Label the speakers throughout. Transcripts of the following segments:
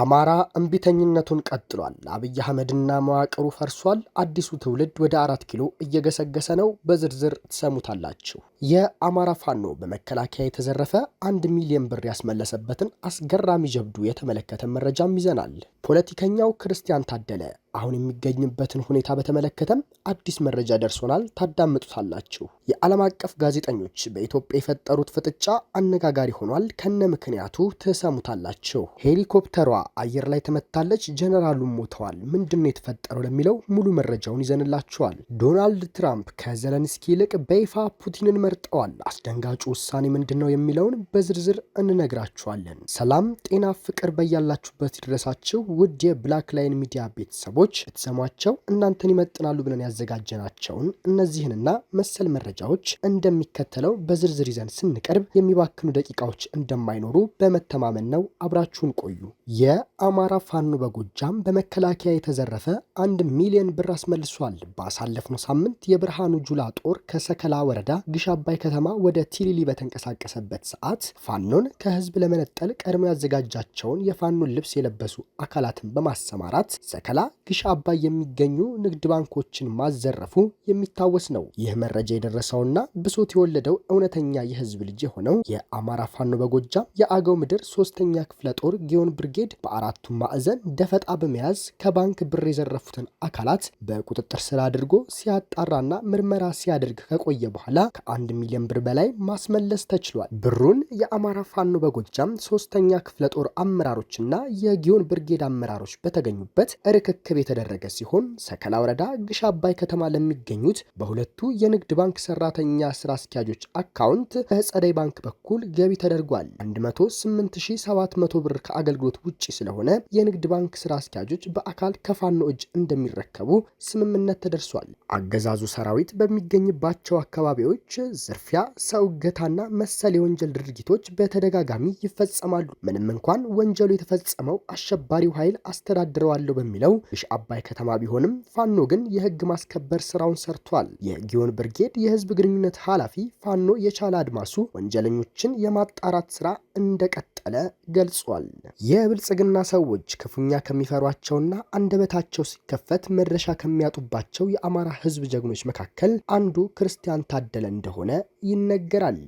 Speaker 1: አማራ እምቢተኝነቱን ቀጥሏል። አብይ አህመድና መዋቅሩ ፈርሷል። አዲሱ ትውልድ ወደ አራት ኪሎ እየገሰገሰ ነው። በዝርዝር ትሰሙታላችሁ። የአማራ ፋኖ በመከላከያ የተዘረፈ አንድ ሚሊዮን ብር ያስመለሰበትን አስገራሚ ጀብዱ የተመለከተ መረጃም ይዘናል። ፖለቲከኛው ክርስቲያን ታደለ አሁን የሚገኝበትን ሁኔታ በተመለከተም አዲስ መረጃ ደርሶናል፣ ታዳምጡታላችሁ። የዓለም አቀፍ ጋዜጠኞች በኢትዮጵያ የፈጠሩት ፍጥጫ አነጋጋሪ ሆኗል። ከነ ምክንያቱ ትሰሙታላችሁ። ሄሊኮፕተሯ አየር ላይ ተመታለች፣ ጀነራሉም ሞተዋል። ምንድን ነው የተፈጠረው ለሚለው ሙሉ መረጃውን ይዘንላችኋል። ዶናልድ ትራምፕ ከዘለንስኪ ይልቅ በይፋ ፑቲንን መርጠዋል። አስደንጋጩ ውሳኔ ምንድን ነው የሚለውን በዝርዝር እንነግራችኋለን። ሰላም፣ ጤና፣ ፍቅር በያላችሁበት ይድረሳችሁ ውድ የብላክ ላይን ሚዲያ ቤተሰቦች ሰዎች ብትሰሟቸው እናንተን ይመጥናሉ ብለን ያዘጋጀናቸውን እነዚህንና መሰል መረጃዎች እንደሚከተለው በዝርዝር ይዘን ስንቀርብ የሚባክኑ ደቂቃዎች እንደማይኖሩ በመተማመን ነው። አብራችሁን ቆዩ። የአማራ ፋኖ በጎጃም በመከላከያ የተዘረፈ አንድ ሚሊዮን ብር አስመልሷል። ባሳለፍነው ሳምንት የብርሃኑ ጁላ ጦር ከሰከላ ወረዳ ግሽ አባይ ከተማ ወደ ቲሊሊ በተንቀሳቀሰበት ሰዓት ፋኖን ከህዝብ ለመነጠል ቀድሞ ያዘጋጃቸውን የፋኖን ልብስ የለበሱ አካላትን በማሰማራት ሰከላ ግሽ አባይ የሚገኙ ንግድ ባንኮችን ማዘረፉ የሚታወስ ነው። ይህ መረጃ የደረሰውና ብሶት የወለደው እውነተኛ የህዝብ ልጅ የሆነው የአማራ ፋኖ በጎጃም የአገው ምድር ሶስተኛ ክፍለ ጦር ጊዮን ብርጌድ በአራቱ ማዕዘን ደፈጣ በመያዝ ከባንክ ብር የዘረፉትን አካላት በቁጥጥር ስር አድርጎ ሲያጣራና ምርመራ ሲያደርግ ከቆየ በኋላ ከአንድ ሚሊዮን ብር በላይ ማስመለስ ተችሏል። ብሩን የአማራ ፋኖ በጎጃም ሶስተኛ ክፍለ ጦር አመራሮችና የጊዮን ብርጌድ አመራሮች በተገኙበት ርክክብ የተደረገ ሲሆን ሰከላ ወረዳ ግሽ አባይ ከተማ ለሚገኙት በሁለቱ የንግድ ባንክ ሰራተኛ ስራ አስኪያጆች አካውንት በጸደይ ባንክ በኩል ገቢ ተደርጓል። 108700 ብር ከአገልግሎት ውጪ ስለሆነ የንግድ ባንክ ስራ አስኪያጆች በአካል ከፋኖ እጅ እንደሚረከቡ ስምምነት ተደርሷል። አገዛዙ ሰራዊት በሚገኝባቸው አካባቢዎች ዝርፊያ፣ ሰው እገታና መሰል የወንጀል ድርጊቶች በተደጋጋሚ ይፈጸማሉ። ምንም እንኳን ወንጀሉ የተፈጸመው አሸባሪው ኃይል አስተዳድረዋለሁ በሚለው ግሽ አባይ ከተማ ቢሆንም ፋኖ ግን የህግ ማስከበር ስራውን ሰርቷል። የጊዮን ብርጌድ የህዝብ ግንኙነት ኃላፊ ፋኖ የቻለ አድማሱ ወንጀለኞችን የማጣራት ስራ እንደቀጠለ ገልጿል። የብልጽግና ሰዎች ክፉኛ ከሚፈሯቸውና አንደበታቸው ሲከፈት መድረሻ ከሚያጡባቸው የአማራ ህዝብ ጀግኖች መካከል አንዱ ክርስቲያን ታደለ እንደሆነ ይነገራል።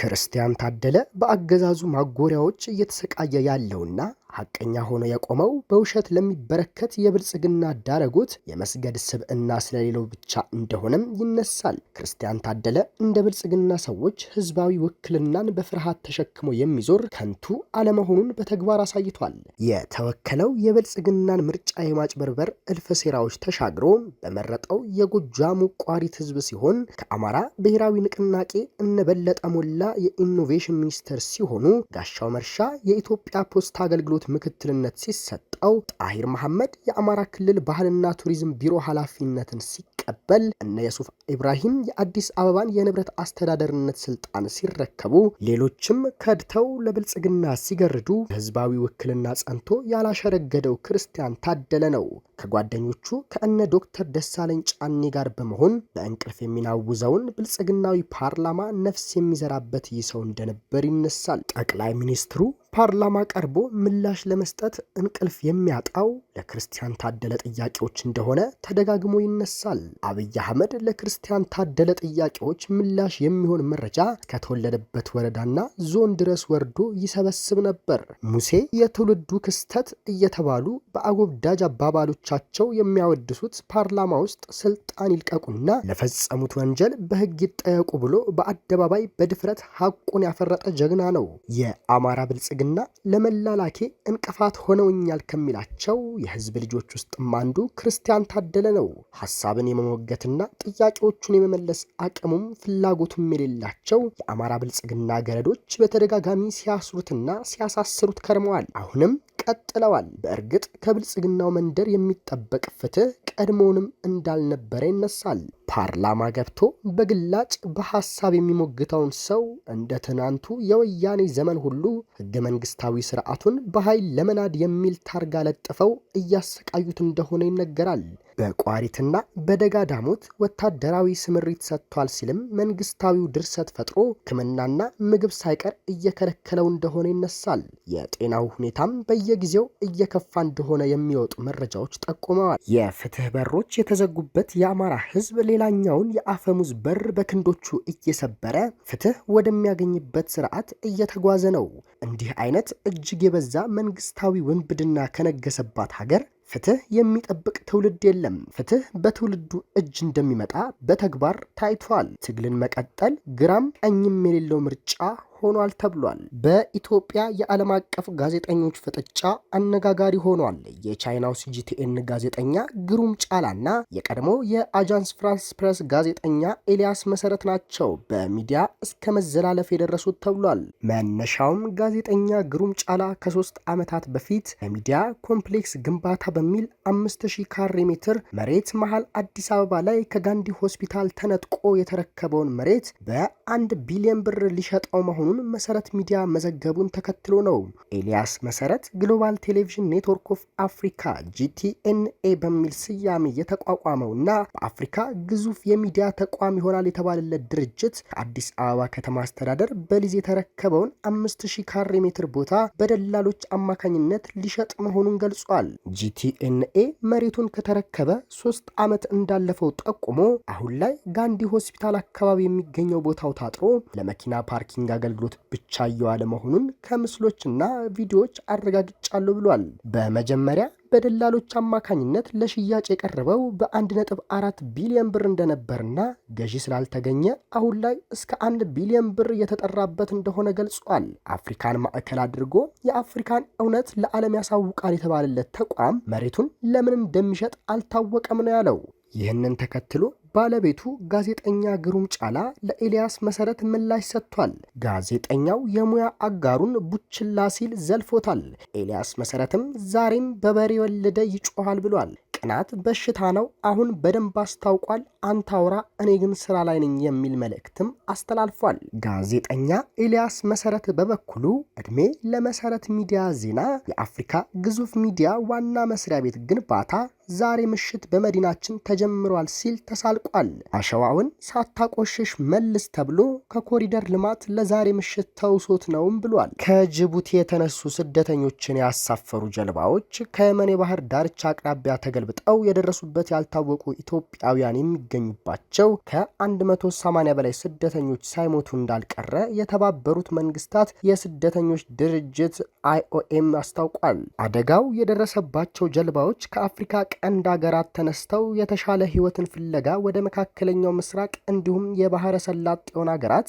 Speaker 1: ክርስቲያን ታደለ በአገዛዙ ማጎሪያዎች እየተሰቃየ ያለውና ሐቀኛ ሆኖ የቆመው በውሸት ለሚበረከት የብልጽግና ዳረጎት የመስገድ ስብዕና ስለሌለው ብቻ እንደሆነም ይነሳል። ክርስቲያን ታደለ እንደ ብልጽግና ሰዎች ህዝባዊ ውክልናን በፍርሃት ተሸክሞ የሚዞር ከንቱ አለመሆኑን በተግባር አሳይቷል። የተወከለው የብልጽግናን ምርጫ የማጭበርበር እልፍ ሴራዎች ተሻግሮ በመረጠው የጎጃሙ ቋሪት ህዝብ ሲሆን ከአማራ ብሔራዊ ንቅናቄ እነበለጠ ሞላ የኢኖቬሽን ሚኒስትር ሲሆኑ ጋሻው መርሻ የኢትዮጵያ ፖስታ አገልግሎት አገልግሎት ምክትልነት ሲሰጠው ጣሂር መሐመድ የአማራ ክልል ባህልና ቱሪዝም ቢሮ ኃላፊነትን ሲቀበል እነ የሱፍ ኢብራሂም የአዲስ አበባን የንብረት አስተዳደርነት ስልጣን ሲረከቡ ሌሎችም ከድተው ለብልጽግና ሲገርዱ ህዝባዊ ውክልና ጸንቶ ያላሸረገደው ክርስቲያን ታደለ ነው ከጓደኞቹ ከእነ ዶክተር ደሳለኝ ጫኔ ጋር በመሆን በእንቅልፍ የሚናውዘውን ብልጽግናዊ ፓርላማ ነፍስ የሚዘራበት ይሰው እንደነበር ይነሳል። ጠቅላይ ሚኒስትሩ ፓርላማ ቀርቦ ምላሽ ለመስጠት እንቅልፍ የሚያጣው ለክርስቲያን ታደለ ጥያቄዎች እንደሆነ ተደጋግሞ ይነሳል። አብይ አህመድ ለክርስቲያን ታደለ ጥያቄዎች ምላሽ የሚሆን መረጃ ከተወለደበት ወረዳና ዞን ድረስ ወርዶ ይሰበስብ ነበር። ሙሴ የትውልዱ ክስተት እየተባሉ በአጎብዳጅ አባባሎቻቸው የሚያወድሱት ፓርላማ ውስጥ ስልጣን ይልቀቁና ለፈጸሙት ወንጀል በሕግ ይጠየቁ ብሎ በአደባባይ በድፍረት ሀቁን ያፈረጠ ጀግና ነው። የአማራ ብልጽ ለማበልጸግና ለመላላኬ እንቅፋት ሆነውኛል ከሚላቸው የህዝብ ልጆች ውስጥም አንዱ ክርስቲያን ታደለ ነው። ሀሳብን የመሞገትና ጥያቄዎቹን የመመለስ አቅሙም ፍላጎቱም የሌላቸው የአማራ ብልጽግና ገረዶች በተደጋጋሚ ሲያስሩትና ሲያሳስሩት ከርመዋል። አሁንም ቀጥለዋል። በእርግጥ ከብልጽግናው መንደር የሚጠበቅ ፍትህ ቀድሞውንም እንዳልነበረ ይነሳል። ፓርላማ ገብቶ በግላጭ በሐሳብ የሚሞግተውን ሰው እንደ ትናንቱ የወያኔ ዘመን ሁሉ ህገ መንግስታዊ ሥርዓቱን በኃይል ለመናድ የሚል ታርጋ ለጥፈው እያሰቃዩት እንደሆነ ይነገራል። በቋሪትና በደጋ ዳሞት ወታደራዊ ስምሪት ሰጥቷል ሲልም መንግስታዊው ድርሰት ፈጥሮ ሕክምናና ምግብ ሳይቀር እየከለከለው እንደሆነ ይነሳል። የጤናው ሁኔታም በየጊዜው እየከፋ እንደሆነ የሚወጡ መረጃዎች ጠቁመዋል። የፍትህ በሮች የተዘጉበት የአማራ ህዝብ ሌላኛውን የአፈሙዝ በር በክንዶቹ እየሰበረ ፍትህ ወደሚያገኝበት ስርዓት እየተጓዘ ነው። እንዲህ አይነት እጅግ የበዛ መንግስታዊ ውንብድና ከነገሰባት ሀገር ፍትህ የሚጠብቅ ትውልድ የለም። ፍትህ በትውልዱ እጅ እንደሚመጣ በተግባር ታይቷል። ትግልን መቀጠል ግራም ቀኝም የሌለው ምርጫ ሆኗል ተብሏል። በኢትዮጵያ የዓለም አቀፍ ጋዜጠኞች ፍጥጫ አነጋጋሪ ሆኗል። የቻይናው ሲጂቲኤን ጋዜጠኛ ግሩም ጫላና የቀድሞ የአጃንስ ፍራንስ ፕሬስ ጋዜጠኛ ኤልያስ መሰረት ናቸው በሚዲያ እስከ መዘላለፍ የደረሱት ተብሏል። መነሻውም ጋዜጠኛ ግሩም ጫላ ከሶስት ዓመታት በፊት የሚዲያ ኮምፕሌክስ ግንባታ በሚል አምስት ሺህ ካሬ ሜትር መሬት መሃል አዲስ አበባ ላይ ከጋንዲ ሆስፒታል ተነጥቆ የተረከበውን መሬት በአንድ ቢሊዮን ብር ሊሸጠው መሆኑ መሆኑን መሰረት ሚዲያ መዘገቡን ተከትሎ ነው። ኤልያስ መሰረት ግሎባል ቴሌቪዥን ኔትወርክ ኦፍ አፍሪካ ጂቲኤንኤ በሚል ስያሜ የተቋቋመው እና በአፍሪካ ግዙፍ የሚዲያ ተቋም ይሆናል የተባለለት ድርጅት ከአዲስ አበባ ከተማ አስተዳደር በሊዝ የተረከበውን አምስት ሺህ ካሬ ሜትር ቦታ በደላሎች አማካኝነት ሊሸጥ መሆኑን ገልጿል። ጂቲኤንኤ መሬቱን ከተረከበ ሶስት ዓመት እንዳለፈው ጠቁሞ አሁን ላይ ጋንዲ ሆስፒታል አካባቢ የሚገኘው ቦታው ታጥሮ ለመኪና ፓርኪንግ አገልግሎት አገልግሎት ብቻ እየዋለ መሆኑን ከምስሎችና ቪዲዮዎች አረጋግጫለሁ ብሏል። በመጀመሪያ በደላሎች አማካኝነት ለሽያጭ የቀረበው በ1.4 ቢሊዮን ብር እንደነበርና ገዢ ስላልተገኘ አሁን ላይ እስከ 1 ቢሊዮን ብር የተጠራበት እንደሆነ ገልጿል። አፍሪካን ማዕከል አድርጎ የአፍሪካን እውነት ለዓለም ያሳውቃል የተባለለት ተቋም መሬቱን ለምን እንደሚሸጥ አልታወቀም ነው ያለው። ይህንን ተከትሎ ባለቤቱ ጋዜጠኛ ግሩም ጫላ ለኤልያስ መሰረት ምላሽ ሰጥቷል። ጋዜጠኛው የሙያ አጋሩን ቡችላ ሲል ዘልፎታል። ኤልያስ መሰረትም ዛሬም በበሬ ወለደ ይጮኋል ብሏል። ቅናት በሽታ ነው። አሁን በደንብ አስታውቋል። አንታውራ እኔ ግን ስራ ላይ ነኝ የሚል መልእክትም አስተላልፏል። ጋዜጠኛ ኤልያስ መሰረት በበኩሉ እድሜ ለመሰረት ሚዲያ ዜና የአፍሪካ ግዙፍ ሚዲያ ዋና መስሪያ ቤት ግንባታ ዛሬ ምሽት በመዲናችን ተጀምሯል ሲል ተሳልቋል። አሸዋውን ሳታቆሽሽ መልስ ተብሎ ከኮሪደር ልማት ለዛሬ ምሽት ተውሶት ነውም ብሏል። ከጅቡቲ የተነሱ ስደተኞችን ያሳፈሩ ጀልባዎች ከየመን የባህር ዳርቻ አቅራቢያ ተገልብጠው የደረሱበት ያልታወቁ ኢትዮጵያውያን የሚገኙባቸው ከ180 በላይ ስደተኞች ሳይሞቱ እንዳልቀረ የተባበሩት መንግስታት የስደተኞች ድርጅት አይኦኤም አስታውቋል። አደጋው የደረሰባቸው ጀልባዎች ከአፍሪካ ቀንድ አገራት ተነስተው የተሻለ ህይወትን ፍለጋ ወደ መካከለኛው ምስራቅ እንዲሁም የባህረ ሰላጤውን አገራት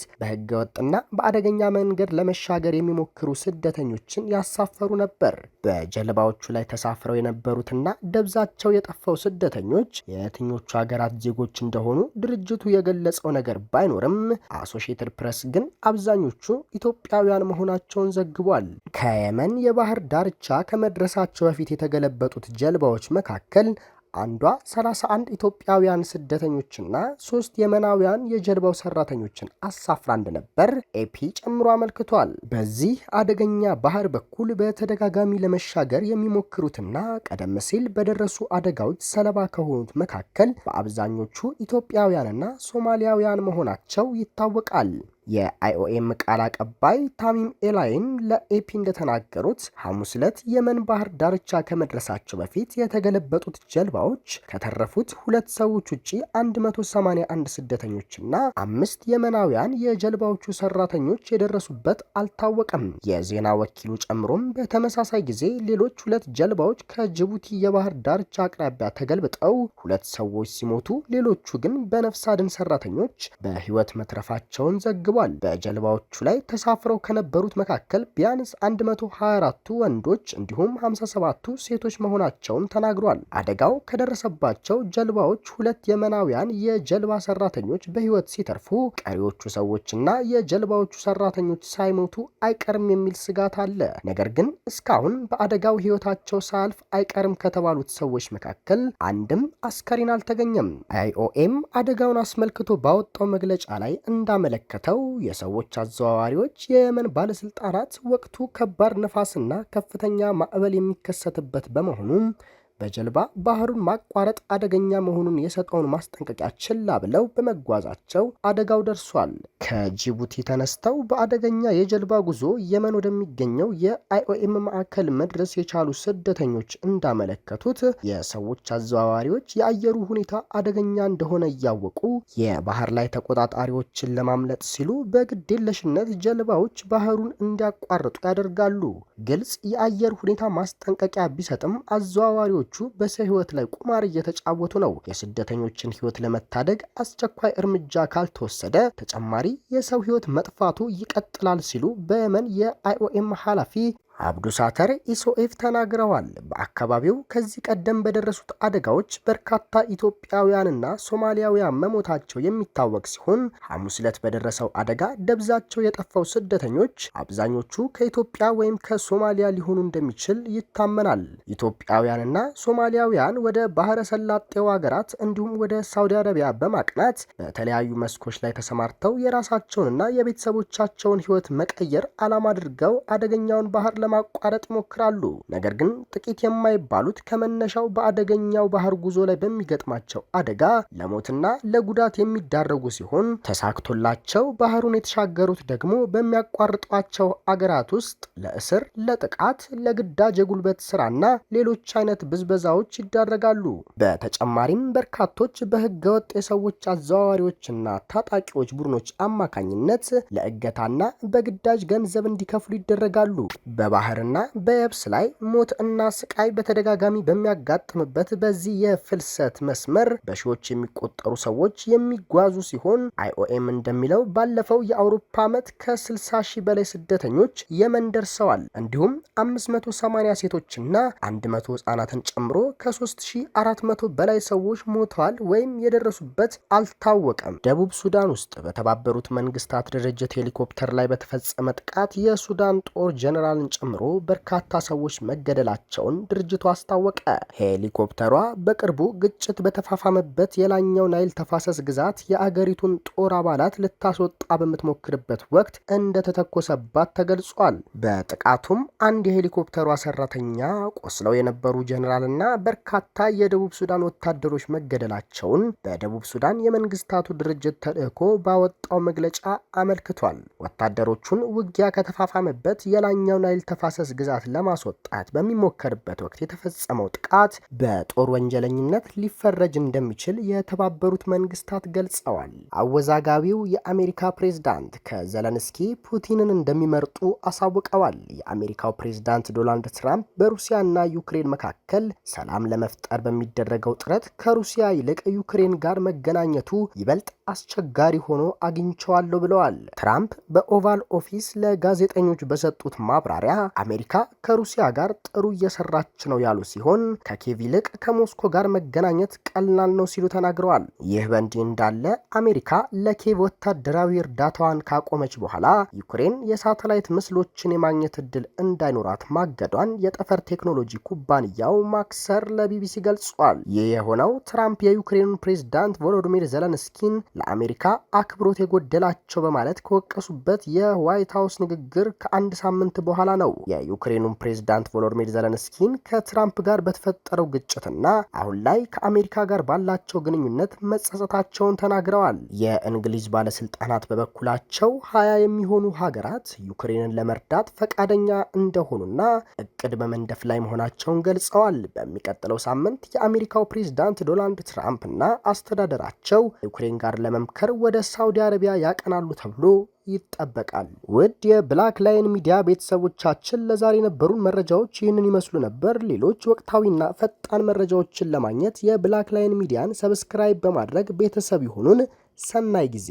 Speaker 1: ወጥና በአደገኛ መንገድ ለመሻገር የሚሞክሩ ስደተኞችን ያሳፈሩ ነበር። በጀልባዎቹ ላይ ተሳፍረው የነበሩትና ደብዛቸው የጠፋው ስደተኞች የትኞቹ አገራት ዜጎች እንደሆኑ ድርጅቱ የገለጸው ነገር ባይኖርም አሶሺየትድ ፕሬስ ግን አብዛኞቹ ኢትዮጵያውያን መሆናቸውን ዘግቧል። ከየመን የባህር ዳርቻ ከመድረሳቸው በፊት የተገለበጡት ጀልባዎች መካከል መካከል አንዷ 31 ኢትዮጵያውያን ስደተኞችና ሶስት የመናውያን የጀልባው ሰራተኞችን አሳፍራ እንደነበር ኤፒ ጨምሮ አመልክቷል። በዚህ አደገኛ ባህር በኩል በተደጋጋሚ ለመሻገር የሚሞክሩትና ቀደም ሲል በደረሱ አደጋዎች ሰለባ ከሆኑት መካከል በአብዛኞቹ ኢትዮጵያውያንና ሶማሊያውያን መሆናቸው ይታወቃል። የአይኦኤም ቃል አቀባይ ታሚም ኤላይም ለኤፒ እንደተናገሩት ሐሙስ ዕለት የመን ባህር ዳርቻ ከመድረሳቸው በፊት የተገለበጡት ጀልባዎች ከተረፉት ሁለት ሰዎች ውጪ 181 ስደተኞችና አምስት የመናውያን የጀልባዎቹ ሰራተኞች የደረሱበት አልታወቀም። የዜና ወኪሉ ጨምሮም በተመሳሳይ ጊዜ ሌሎች ሁለት ጀልባዎች ከጅቡቲ የባህር ዳርቻ አቅራቢያ ተገልብጠው ሁለት ሰዎች ሲሞቱ፣ ሌሎቹ ግን በነፍስ አድን ሰራተኞች በህይወት መትረፋቸውን ዘግቧል። ተዘግቧል። በጀልባዎቹ ላይ ተሳፍረው ከነበሩት መካከል ቢያንስ 124ቱ ወንዶች እንዲሁም 57ቱ ሴቶች መሆናቸውን ተናግሯል። አደጋው ከደረሰባቸው ጀልባዎች ሁለት የመናውያን የጀልባ ሰራተኞች በህይወት ሲተርፉ ቀሪዎቹ ሰዎችና የጀልባዎቹ ሰራተኞች ሳይሞቱ አይቀርም የሚል ስጋት አለ። ነገር ግን እስካሁን በአደጋው ህይወታቸው ሳያልፍ አይቀርም ከተባሉት ሰዎች መካከል አንድም አስከሬን አልተገኘም። አይኦኤም አደጋውን አስመልክቶ ባወጣው መግለጫ ላይ እንዳመለከተው የሰዎች አዘዋዋሪዎች፣ የየመን ባለሥልጣናት ወቅቱ ከባድ ነፋስና ከፍተኛ ማዕበል የሚከሰትበት በመሆኑም በጀልባ ባህሩን ማቋረጥ አደገኛ መሆኑን የሰጠውን ማስጠንቀቂያ ችላ ብለው በመጓዛቸው አደጋው ደርሷል። ከጅቡቲ ተነስተው በአደገኛ የጀልባ ጉዞ የመን ወደሚገኘው የአይኦኤም ማዕከል መድረስ የቻሉ ስደተኞች እንዳመለከቱት የሰዎች አዘዋዋሪዎች የአየሩ ሁኔታ አደገኛ እንደሆነ እያወቁ የባህር ላይ ተቆጣጣሪዎችን ለማምለጥ ሲሉ በግዴለሽነት ጀልባዎች ባህሩን እንዲያቋርጡ ያደርጋሉ። ግልጽ የአየር ሁኔታ ማስጠንቀቂያ ቢሰጥም አዘዋዋሪዎች ሰዎቹ በሰው ህይወት ላይ ቁማር እየተጫወቱ ነው። የስደተኞችን ህይወት ለመታደግ አስቸኳይ እርምጃ ካልተወሰደ ተጨማሪ የሰው ህይወት መጥፋቱ ይቀጥላል ሲሉ በየመን የአይኦኤም ኃላፊ አብዱ ሳተር ኢሶኤፍ ተናግረዋል። በአካባቢው ከዚህ ቀደም በደረሱት አደጋዎች በርካታ ኢትዮጵያውያንና ሶማሊያውያን መሞታቸው የሚታወቅ ሲሆን ሐሙስ ዕለት በደረሰው አደጋ ደብዛቸው የጠፋው ስደተኞች አብዛኞቹ ከኢትዮጵያ ወይም ከሶማሊያ ሊሆኑ እንደሚችል ይታመናል። ኢትዮጵያውያንና ሶማሊያውያን ወደ ባህረ ሰላጤው ሀገራት እንዲሁም ወደ ሳውዲ አረቢያ በማቅናት በተለያዩ መስኮች ላይ ተሰማርተው የራሳቸውንና የቤተሰቦቻቸውን ሕይወት መቀየር ዓላማ አድርገው አደገኛውን ባህር ለማቋረጥ ይሞክራሉ። ነገር ግን ጥቂት የማይባሉት ከመነሻው በአደገኛው ባህር ጉዞ ላይ በሚገጥማቸው አደጋ ለሞትና ለጉዳት የሚዳረጉ ሲሆን ተሳክቶላቸው ባህሩን የተሻገሩት ደግሞ በሚያቋርጧቸው አገራት ውስጥ ለእስር፣ ለጥቃት፣ ለግዳጅ የጉልበት ስራና ሌሎች አይነት ብዝበዛዎች ይዳረጋሉ። በተጨማሪም በርካቶች በህገወጥ የሰዎች አዘዋዋሪዎችና ታጣቂዎች ቡድኖች አማካኝነት ለእገታና በግዳጅ ገንዘብ እንዲከፍሉ ይደረጋሉ። በባህርና በየብስ ላይ ሞት እና ስቃይ በተደጋጋሚ በሚያጋጥምበት በዚህ የፍልሰት መስመር በሺዎች የሚቆጠሩ ሰዎች የሚጓዙ ሲሆን አይኦኤም እንደሚለው ባለፈው የአውሮፓ ዓመት ከ60 ሺህ በላይ ስደተኞች የመን ደርሰዋል። እንዲሁም 580 ሴቶችና 100 ህጻናትን ጨምሮ ከ3400 በላይ ሰዎች ሞተዋል ወይም የደረሱበት አልታወቀም። ደቡብ ሱዳን ውስጥ በተባበሩት መንግስታት ድርጅት ሄሊኮፕተር ላይ በተፈጸመ ጥቃት የሱዳን ጦር ጀነራልን ጨምሮ ጨምሮ በርካታ ሰዎች መገደላቸውን ድርጅቱ አስታወቀ። ሄሊኮፕተሯ በቅርቡ ግጭት በተፋፋመበት የላይኛው ናይል ተፋሰስ ግዛት የአገሪቱን ጦር አባላት ልታስወጣ በምትሞክርበት ወቅት እንደተተኮሰባት ተገልጿል። በጥቃቱም አንድ የሄሊኮፕተሯ ሰራተኛ፣ ቆስለው የነበሩ ጀኔራልና በርካታ የደቡብ ሱዳን ወታደሮች መገደላቸውን በደቡብ ሱዳን የመንግስታቱ ድርጅት ተልእኮ ባወጣው መግለጫ አመልክቷል። ወታደሮቹን ውጊያ ከተፋፋመበት የላይኛው ናይል ተፋሰስ ግዛት ለማስወጣት በሚሞከርበት ወቅት የተፈጸመው ጥቃት በጦር ወንጀለኝነት ሊፈረጅ እንደሚችል የተባበሩት መንግስታት ገልጸዋል። አወዛጋቢው የአሜሪካ ፕሬዝዳንት ከዘለንስኪ ፑቲንን እንደሚመርጡ አሳውቀዋል። የአሜሪካው ፕሬዝዳንት ዶናልድ ትራምፕ በሩሲያና ዩክሬን መካከል ሰላም ለመፍጠር በሚደረገው ጥረት ከሩሲያ ይልቅ ዩክሬን ጋር መገናኘቱ ይበልጥ አስቸጋሪ ሆኖ አግኝቸዋለሁ ብለዋል። ትራምፕ በኦቫል ኦፊስ ለጋዜጠኞች በሰጡት ማብራሪያ አሜሪካ ከሩሲያ ጋር ጥሩ እየሰራች ነው ያሉ ሲሆን ከኪየቭ ይልቅ ከሞስኮ ጋር መገናኘት ቀላል ነው ሲሉ ተናግረዋል። ይህ በእንዲህ እንዳለ አሜሪካ ለኪየቭ ወታደራዊ እርዳታዋን ካቆመች በኋላ ዩክሬን የሳተላይት ምስሎችን የማግኘት እድል እንዳይኖራት ማገዷን የጠፈር ቴክኖሎጂ ኩባንያው ማክሰር ለቢቢሲ ገልጿል። ይህ የሆነው ትራምፕ የዩክሬኑን ፕሬዝዳንት ቮሎዲሚር ዘለንስኪን ለአሜሪካ አክብሮት የጎደላቸው በማለት ከወቀሱበት የዋይት ሀውስ ንግግር ከአንድ ሳምንት በኋላ ነው። ነው። የዩክሬኑን ፕሬዝዳንት ቮሎዲሚር ዘለንስኪን ከትራምፕ ጋር በተፈጠረው ግጭትና አሁን ላይ ከአሜሪካ ጋር ባላቸው ግንኙነት መጸጸታቸውን ተናግረዋል። የእንግሊዝ ባለስልጣናት በበኩላቸው ሀያ የሚሆኑ ሀገራት ዩክሬንን ለመርዳት ፈቃደኛ እንደሆኑና እቅድ በመንደፍ ላይ መሆናቸውን ገልጸዋል። በሚቀጥለው ሳምንት የአሜሪካው ፕሬዝዳንት ዶናልድ ትራምፕ እና አስተዳደራቸው ዩክሬን ጋር ለመምከር ወደ ሳውዲ አረቢያ ያቀናሉ ተብሎ ይጠበቃል። ውድ የብላክ ላይን ሚዲያ ቤተሰቦቻችን ለዛሬ የነበሩን መረጃዎች ይህንን ይመስሉ ነበር። ሌሎች ወቅታዊና ፈጣን መረጃዎችን ለማግኘት የብላክ ላይን ሚዲያን ሰብስክራይብ በማድረግ ቤተሰብ ይሁኑን። ሰናይ ጊዜ